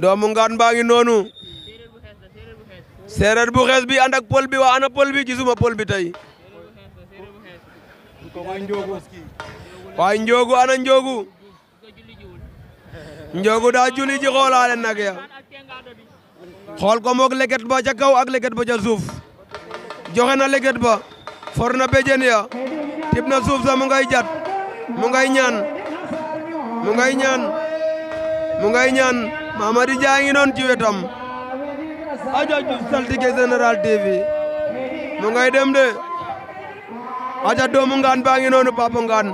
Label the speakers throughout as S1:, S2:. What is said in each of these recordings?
S1: doomu ngaan baangi nonu. Serer bu xess bi andak pol bi wa ana pol bi gisuma pol bi tay wa njoogu ana njoogu da juli ji xolale nak ya xol ko mok leket ba ca kaw ak leket ba ca suuf joxe na leket ba forna bejen ya tib sa mu ngay jat mu ngay ñaan mu ngay ñaan mu ngay ñaan mamadi Dia ngi noon ci aja ju salti ke general TV mu ngay dem de do mu ngaan baa ngi noonu papa ngaan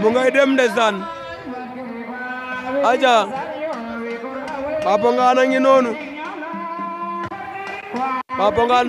S1: mu ngay dem de zan aja papa ngaan ngi nonu papa ngaan